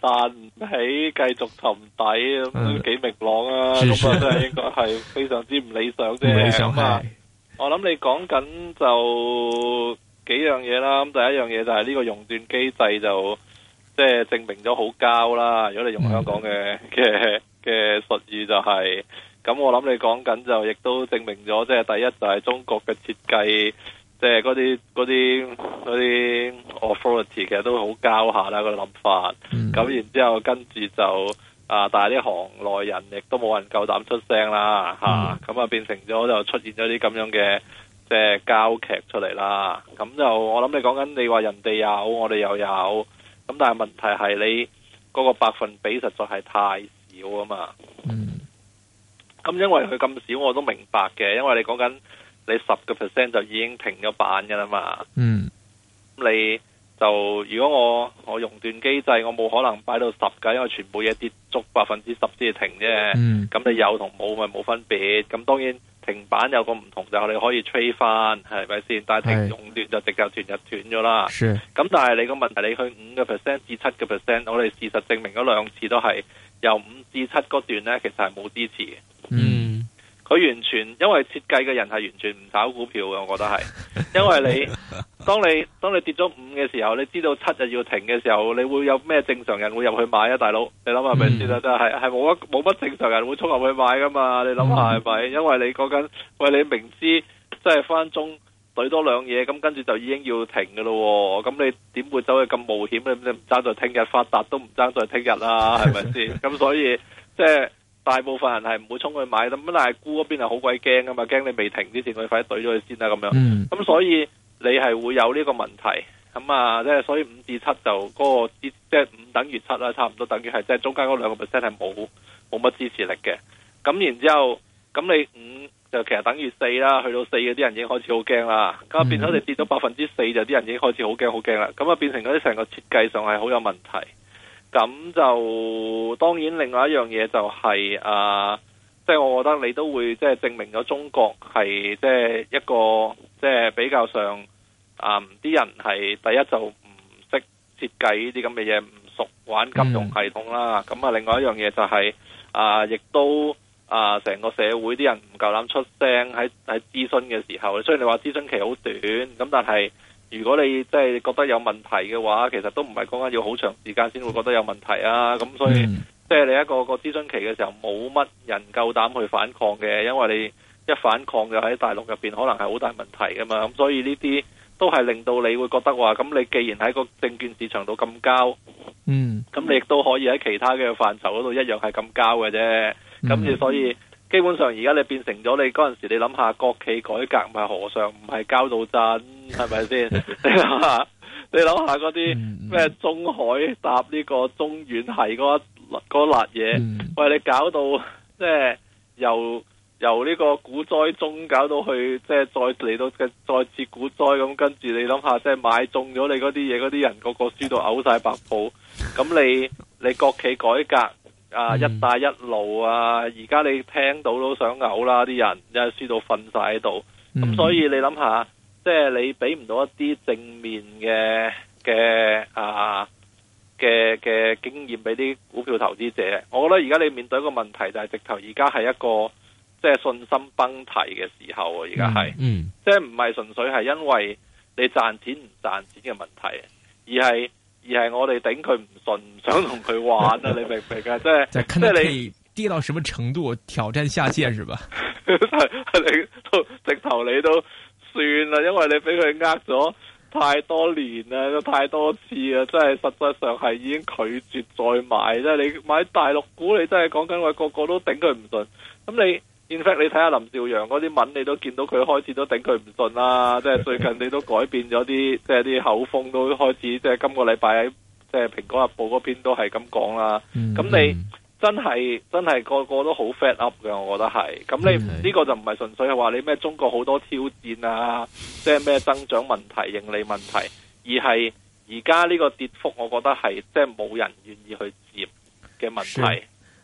但唔起，繼續沉底，咁都幾明朗啊！咁啊，真係應該係非常之唔理想啫。係理想係。我諗你講緊就幾樣嘢啦。咁第一樣嘢就係呢個熔斷機制就即係、就是、證明咗好膠啦。如果你用香港嘅嘅嘅術語就係、是、咁，我諗你講緊就亦都證明咗，即、就、係、是、第一就係中國嘅設計。即係嗰啲嗰啲嗰啲 authority，其實都好膠下啦、啊個諗法。咁、mm-hmm. 然之後跟住就啊，但係啲行內人亦都冇人夠膽出聲啦，吓咁啊，變成咗就出現咗啲咁樣嘅即係膠劇出嚟啦、啊。咁就我諗你講緊，你話人哋有，我哋又有。咁但係問題係你嗰、個百分比實在係太少啊嘛。Mm-hmm. 嗯。咁因為佢咁少，我都明白嘅，因為你講緊。.你十個 percent 就已經停咗板㗎喇嘛，嗯，你就如果我我熔斷機制，我冇可能擺到十㗎，因為全部嘢跌足百分之十先至停啫，嗯，咁你有同冇咪冇分別，咁當然停板有個唔同就係、是、你可以吹翻，係咪先？但係停熔斷就直接斷就斷咗啦，是。咁但係你個問題，你去五個 percent 至七個 percent，我哋事實證明咗兩次都係由五至七嗰段呢，其實係冇支持。佢完全因為設計嘅人係完全唔炒股票嘅，我覺得係，因為你 當你當你跌咗五嘅時候，你知道七日要停嘅時候，你會有咩正常人會入去買啊？大佬，你諗下係咪先啦？真係係冇乜冇乜正常人會衝入去買噶嘛？你諗下係咪？ 因為你講緊喂，你明知即係翻中懟多兩嘢，咁跟住就已經要停嘅咯，咁你點會走去咁冒險？你唔爭在聽日發達都唔爭在聽日啦，係咪先？咁 所以即係。大部分人係唔會衝去買，咁但係沽嗰邊係好鬼驚㗎嘛，驚你未停之前，佢快啲懟咗佢先啦咁樣。咁、嗯、所以你係會有呢個問題，咁啊即係所以五至七就嗰、那個跌即係五等於七啦，差唔多等於係即係中間嗰兩個 percent 係冇冇乜支持力嘅。咁然之後咁你五就其實等於四啦，去到四嗰啲人已經開始好驚啦。咁啊變咗你跌咗百分之四就啲人已經開始好驚好驚啦。咁啊變成嗰啲成個設計上係好有問題。咁就當然另外一樣嘢就係、是、啊，即係我覺得你都會即係證明咗中國係即係一個即係比較上啊啲、嗯、人係第一就唔識設計呢啲咁嘅嘢，唔熟玩金融系統啦。咁、嗯、啊，另外一樣嘢就係、是、啊，亦都啊成個社會啲人唔夠膽出聲喺喺諮詢嘅時候。雖然你話諮詢期好短，咁但係。如果你即係覺得有問題嘅話，其實都唔係講緊要好長時間先會覺得有問題啊。咁所以，即係你一個個諮詢期嘅時候，冇乜人夠膽去反抗嘅，因為你一反抗就喺大陸入邊可能係好大問題噶嘛。咁所以呢啲都係令到你會覺得話，咁你既然喺個證券市場度咁交，嗯，咁你亦都可以喺其他嘅範疇嗰度一樣係咁交嘅啫。咁亦所以。基本上而家你變成咗，那你嗰陣時你諗下國企改革唔係和尚唔係交到陣，係咪先？你諗下，你諗下嗰啲咩中海搭呢個中遠係嗰辣嘢， 喂你搞到即係、就是、由由呢個股災中搞到去，即、就、係、是、再嚟到嘅再次股災咁，跟住你諗下，即、就、係、是、買中咗你嗰啲嘢，嗰啲人個個輸到嘔晒白泡，咁你你國企改革？啊！嗯、一帶一路啊！而家你聽到都想嘔啦，啲人又輸到瞓晒喺度。咁、嗯、所以你諗下，即、就、係、是、你俾唔到一啲正面嘅嘅啊嘅嘅經驗俾啲股票投資者。我覺得而家你面對一個問題就係、是、直頭而家係一個即係、就是、信心崩塌嘅時候啊！而家係，即係唔係純粹係因為你賺錢唔賺錢嘅問題，而係。而係我哋頂佢唔順，唔想同佢玩啊！ 你明唔明啊？即係即係你跌到什麼程度， 挑戰下限是吧？ 你都直頭你都算啦，因為你俾佢呃咗太多年啦，咁太多次啊！即係實際上係已經拒絕再買啦。你買大陸股，你真係講緊話個個都頂佢唔順。咁你。In fact, 你睇下林兆陽嗰啲文，你都見到佢開始都頂佢唔順啦。即 係最近你都改變咗啲，即係啲口風都開始。即係今個禮拜喺即係《蘋果日報》嗰篇都係咁講啦。咁你真係、嗯、真係個個都好 fed up 嘅，我覺得係。咁你呢、嗯呢個就唔係純粹係話你咩中國好多挑戰啊，即係咩增長問題、盈利問題，而係而家呢個跌幅，我覺得係即係冇人願意去接嘅問題。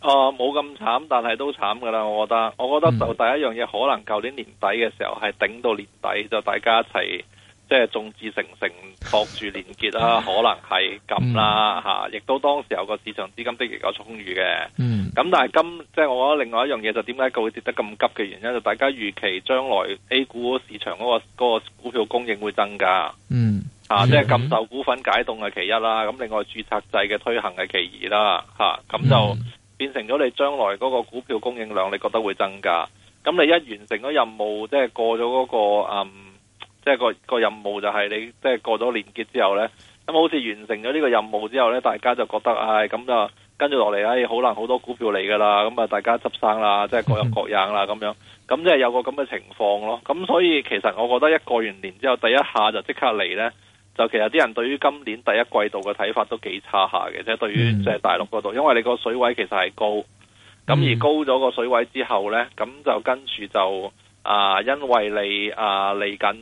哦，冇咁慘，但係都慘噶啦，我覺得。我覺得就第一樣嘢、嗯，可能舊年年底嘅時候係頂到年底，就大家一齊即係眾志成城，托住連結、啊、 啦，可能係咁啦，吓、啊。亦都當時有個市場資金的亦較充裕嘅。嗯。咁但係今即係我覺得另外一樣嘢就點解佢會跌得咁急嘅原因，就大家預期將來 A 股市場嗰、嗰個、嗰個股票供應會增加。嗯。吓、啊嗯，即係禁售股份解凍係其一啦，咁另外註冊制嘅推行係其二啦，吓、啊，咁就。嗯變成咗你將來嗰個股票供應量，你覺得會增加。咁你一完成咗任務，即係過咗嗰個嗯，即係個個任務就係你，即係過咗年結之後呢。咁好似完成咗呢個任務之後呢，大家就覺得唉，咁就跟住落嚟咧，好難好多股票嚟㗎啦。咁啊，大家執生啦，即係各有各樣啦咁樣。咁即係有個咁嘅情況咯。咁所以其實我覺得一過完年之後，第一下就即刻嚟呢。就其實啲人對於今年第一季度嘅睇法都幾差下嘅，即係對於即係大陸嗰度，因為你個水位其實係高，咁而高咗個水位之後呢，咁就跟住就啊，因為你啊嚟緊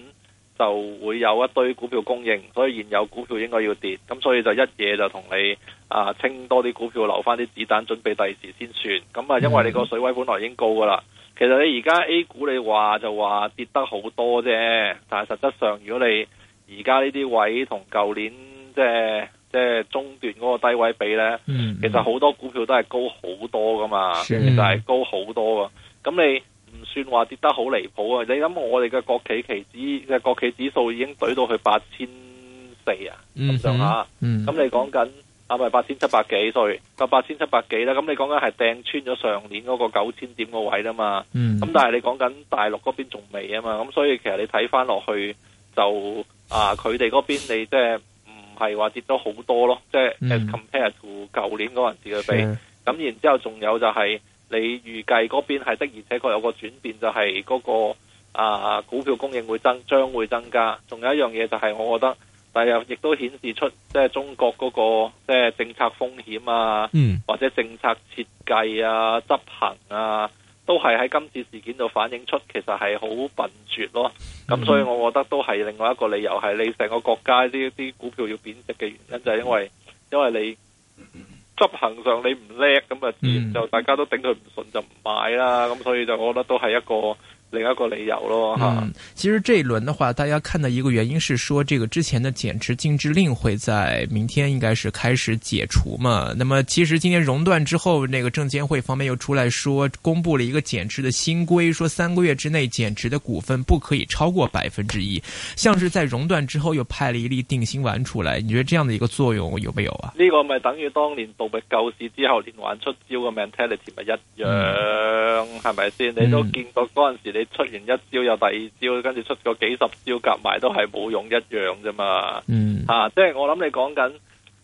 就會有一堆股票供應，所以現有股票應該要跌，咁所以就一嘢就同你啊清多啲股票，留返啲子彈準備第時先算。咁啊，因為你個水位本來已經高噶啦，其實你而家 A 股你話就話跌得好多啫，但係實質上如果你而家呢啲位同舊年即係即係中段嗰個低位比呢，嗯、其實好多股票都係高好多噶嘛，嗯，其實係高好多噶。咁你唔算話跌得好離譜啊？你諗我哋嘅國企期指嘅國企指數已經懟到去八千四啊咁上下，咁、嗯嗯嗯，你講緊係咪八千七百幾？所以八千七百幾咧，咁你講緊係掟穿咗上年嗰個九千點個位吖嘛。咁、嗯、但係你講緊大陸嗰邊仲未啊嘛，咁所以其實你睇翻落去。就啊，佢哋嗰邊你即係唔係話跌咗好多咯，嗯、即係 as compared to 舊年嗰陣時嘅比。咁、嗯、然之後仲有就係你預計嗰邊係的，而且確有個轉變就、嗰個，就係嗰個啊股票供應會增，將會增加。仲有一樣嘢就係，我覺得但係亦都顯示出即係中國嗰、嗰個即係政策風險啊、嗯，或者政策設計啊、執行啊。都係喺今次事件度反映出，其實係好笨拙咯。咁所以，我覺得都係另外一個理由，係你成個國家呢啲股票要貶值嘅原因，就係因為因為你執行上你唔叻，咁啊自然就大家都頂佢唔順就唔買啦。咁所以就我覺得都係一個。另一個理由咯，吓、嗯。其實這一輪的話，大家看到一個原因是說，這個之前的減持禁止令會在明天應該是開始解除嘛。那麼其實今天熔斷之後，那個證監會方面又出來說，公布了一個減持的新規，說三個月之內減持的股份，不可以超過百分之一。像是在熔斷之後又派了一粒定心丸出來，你覺得這樣的一個作用有沒有啊？呢個咪等於當年度嘅救市之後連環出招嘅 mentality 咪一樣，係咪先？你都見到嗰陣時、嗯。你出完一招又第二招，跟住出個幾十招夾埋都係冇用一樣啫嘛。嗯，啊，即係我諗你講緊，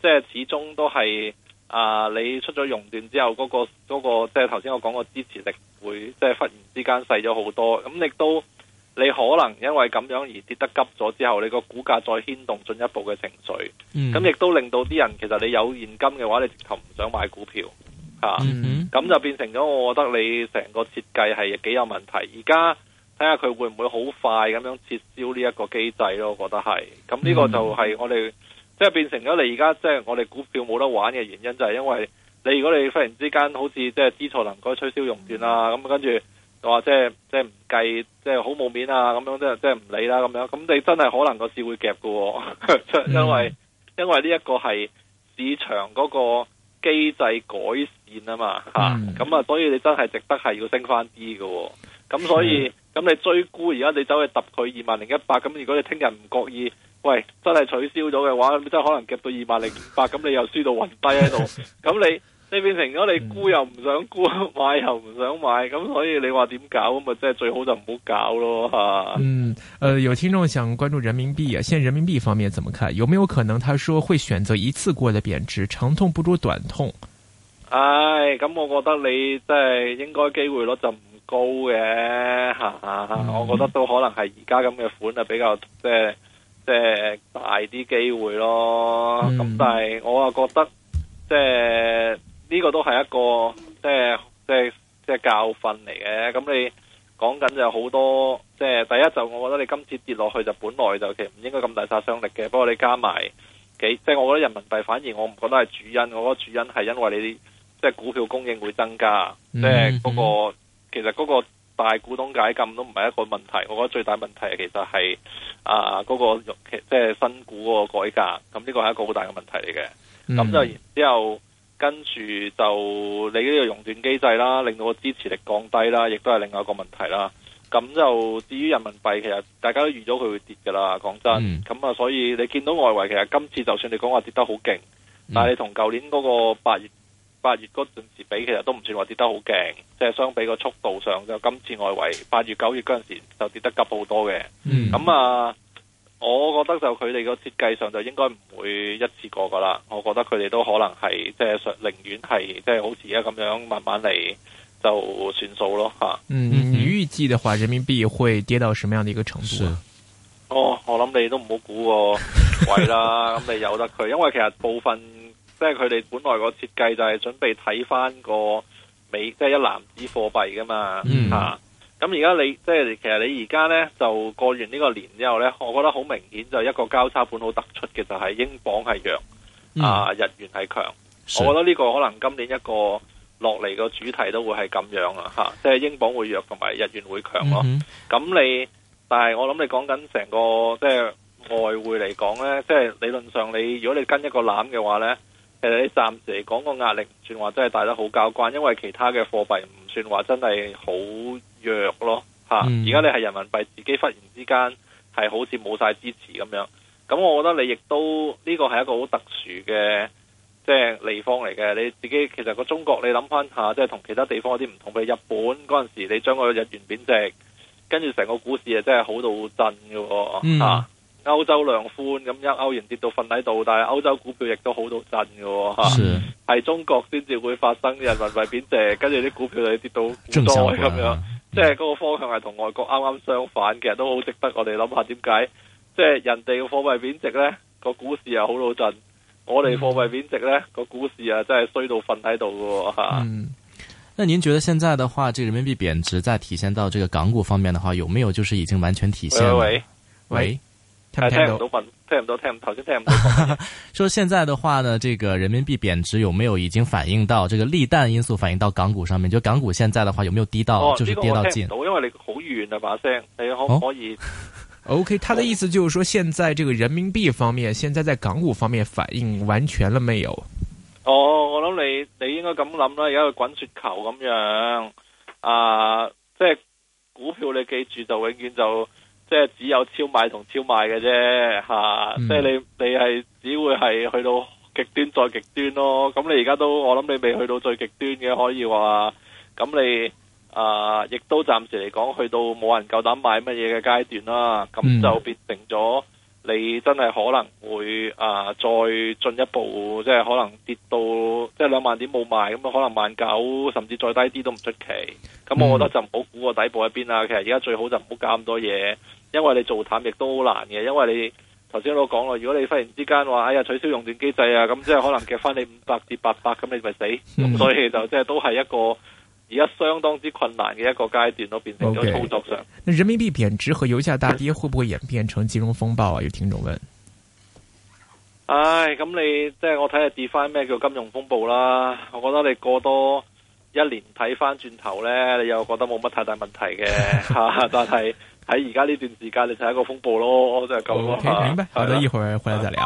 即係始終都係啊，你出咗熔斷之後，嗰個嗰個即係頭先我講個支持力會即係忽然之間細咗好多。咁你都你可能因為咁樣而跌得急咗之後，你個股價再牽動進一步嘅情緒。嗯，咁亦都令到啲人其實你有現金嘅話，你直頭唔想買股票。嚇、啊，咁就變成咗，我覺得你成個設計係幾有問題。而家睇下佢會唔會好快咁樣撤銷呢一個機制咯？我覺得係，咁呢個就係我哋即係變成咗你而家即係我哋股票冇得玩嘅原因，就係、是、因為你如果你忽然之間好似即係知錯能改取消熔斷啦咁、嗯啊、跟住話即係即係唔計，即係好冇面啊，咁樣即係即係唔理啦咁樣。咁、就是、你真係可能個市會夾㗎喎、啊，因為、嗯、因為呢一個係市場嗰、那個。機制改善啊嘛，吓、嗯、咁啊，所以你真係值得係要升翻啲㗎，咁所以咁你追沽而家你走去揼佢二萬零一百，咁如果你聽日唔覺意，喂真係取消咗嘅話，真係可能夾到二萬零五百，咁你又輸到暈低喺度，咁你。你變成咗你沽又唔想沽，嗯、 買又唔想買，咁所以你話點搞咁咪即係最好就唔好搞咯吓。嗯，誒、呃，有聽眾想關注人民幣啊，現人民幣方面怎麼看？有沒有可能他說會選擇一次過的貶值？長痛不如短痛。唉、哎，咁我覺得你即係應該機會率就唔高嘅吓。嗯、 我覺得都可能係而家咁嘅款啊，比較即係即係大啲機會咯。咁但係我又覺得即係。呢、這個都係一個即係即係即係教訓嚟嘅。咁你講緊就好多，即係第一就我覺得你今次跌落去就本來就其實唔應該咁大殺傷力嘅。不過你加埋幾即係我覺得人民幣反而我唔覺得係主因，我覺得主因係因為你啲即係股票供應會增加，即係嗰個、嗯、其實嗰個大股東解禁都唔係一個問題。我覺得最大問題其實係啊嗰個即係新股嗰個改革，咁呢個係一個好大嘅問題嚟嘅。咁、嗯、就然之後。跟住就你呢個熔斷機制啦，令到個支持力降低啦，亦都係另外一個問題啦。咁就至於人民幣，其實大家都預咗佢會跌㗎啦。講真，咁、嗯、啊，所以你見到外圍其實今次就算你講話跌得好勁、嗯，但係你同舊年嗰個八月八月嗰陣時比，其實都唔算話跌得好勁，即係相比個速度上就今次外圍八月九月嗰陣時就跌得急好多嘅。咁、嗯、啊。我覺得就佢哋個設計上就應該唔會一次過噶啦，我覺得佢哋都可能係即係寧願係即係好似而家咁樣慢慢嚟，就算數咯吓。嗯，預計的話，人民幣會跌到什麼樣的一個程度啊？哦，我諗你都唔好估個位啦，咁你由得佢，因為其實部分即係佢哋本來個設計就係準備睇返個美即係、就是、一籃子貨幣噶嘛，吓、嗯。啊咁而家你即係其實你而家呢，就過完呢個年之後呢，我覺得好明顯就一個交叉盤好突出嘅就係、是、英鎊係弱，啊、嗯呃、日元係強。我覺得呢個可能今年一個落嚟個主題都會係咁樣啊，嚇！即係、就是、英鎊會弱同埋日元會強咯。咁、嗯、你，但係我諗你講緊成個即係、就是、外匯嚟講呢，即、就、係、是、理論上你如果你跟一個籃嘅話呢，其實你暫時嚟講個壓力唔算話真係大得好交關，因為其他嘅貨幣唔算話真係好弱咯嚇，而家你係人民幣自己忽然之間係好似冇晒支持咁樣，咁我覺得你亦都呢個係一個好特殊嘅即係地方嚟嘅。你自己其實個中國你諗翻下，即係同其他地方有啲唔同。譬如日本嗰陣時，你將個日元貶值，跟住成個股市啊真係好到震㗎喎嚇。歐洲量寬咁一歐元跌到瞓喺度，但係歐洲股票亦都好到震㗎喎嚇。係、啊、中國先至會發生人民幣貶值，跟住啲股票就跌到正相關咁、啊、樣。即係嗰個方向係同外國啱啱相反的，其實都好值得我哋諗下點解，即係人哋嘅貨幣貶值咧，個股市又好老震；我哋貨幣貶值咧，個股市啊真係衰到瞓喺度噶。嗯，那您覺得現在的話，這個、人民幣貶值再體現到這個港股方面的話，有沒有就是已經完全體現？喂喂，喂，喂。聽唔到，聽唔到，聽唔到，頭先聽唔到 說現在的話呢，這個人民幣貶值有沒有已經反映到這個利淡因素反映到港股上面？就是、港股現在的話，有沒有低到，哦、就是跌到盡？到、哦這個，因為你好遠啊把聲，你可唔可以、哦、？O、okay, K，他的意思就是說，現在這個人民幣方面、哦，現在在港股方面反映完全了沒有？哦，我諗你你應該咁諗啦，而家去滾雪球咁樣啊，即、就、係、是、股票你記住就永遠就。即係只有超買同超賣嘅啫，即係你你係只會係去到極端再極端咯。咁你而家都我諗你未去到最極端嘅，可以話咁你啊，亦都暫時嚟講去到冇人夠膽買乜嘢嘅階段啦。咁就變成咗你真係可能會啊，再進一步，即係可能跌到即係兩萬點冇賣咁啊，可能萬九甚至再低啲都唔出奇。咁我覺得就唔好估個底部喺邊啦。其實而家最好就唔好搞咁多嘢。因為你做淡亦都好難嘅，因為你頭先都講啦，如果你忽然之間話哎呀取消熔斷機制啊，咁即係可能夾翻你五百至八百，咁你咪死，所以就即係都係一個而家相當之困難嘅一個階段咯，都變成咗操作上。Okay. 那人民幣貶值和油價大跌會唔會演變成金融風暴啊？有聽眾問。唉，咁你即係、就是、我睇下 define 咩叫金融風暴啦。我覺得你過多一年睇翻轉頭呢，你又覺得冇乜太大問題嘅， 但係。喺而家呢段時間，你就係一個風暴咯，真係咁啊，OK，明白，好的，一會兒回來再聊。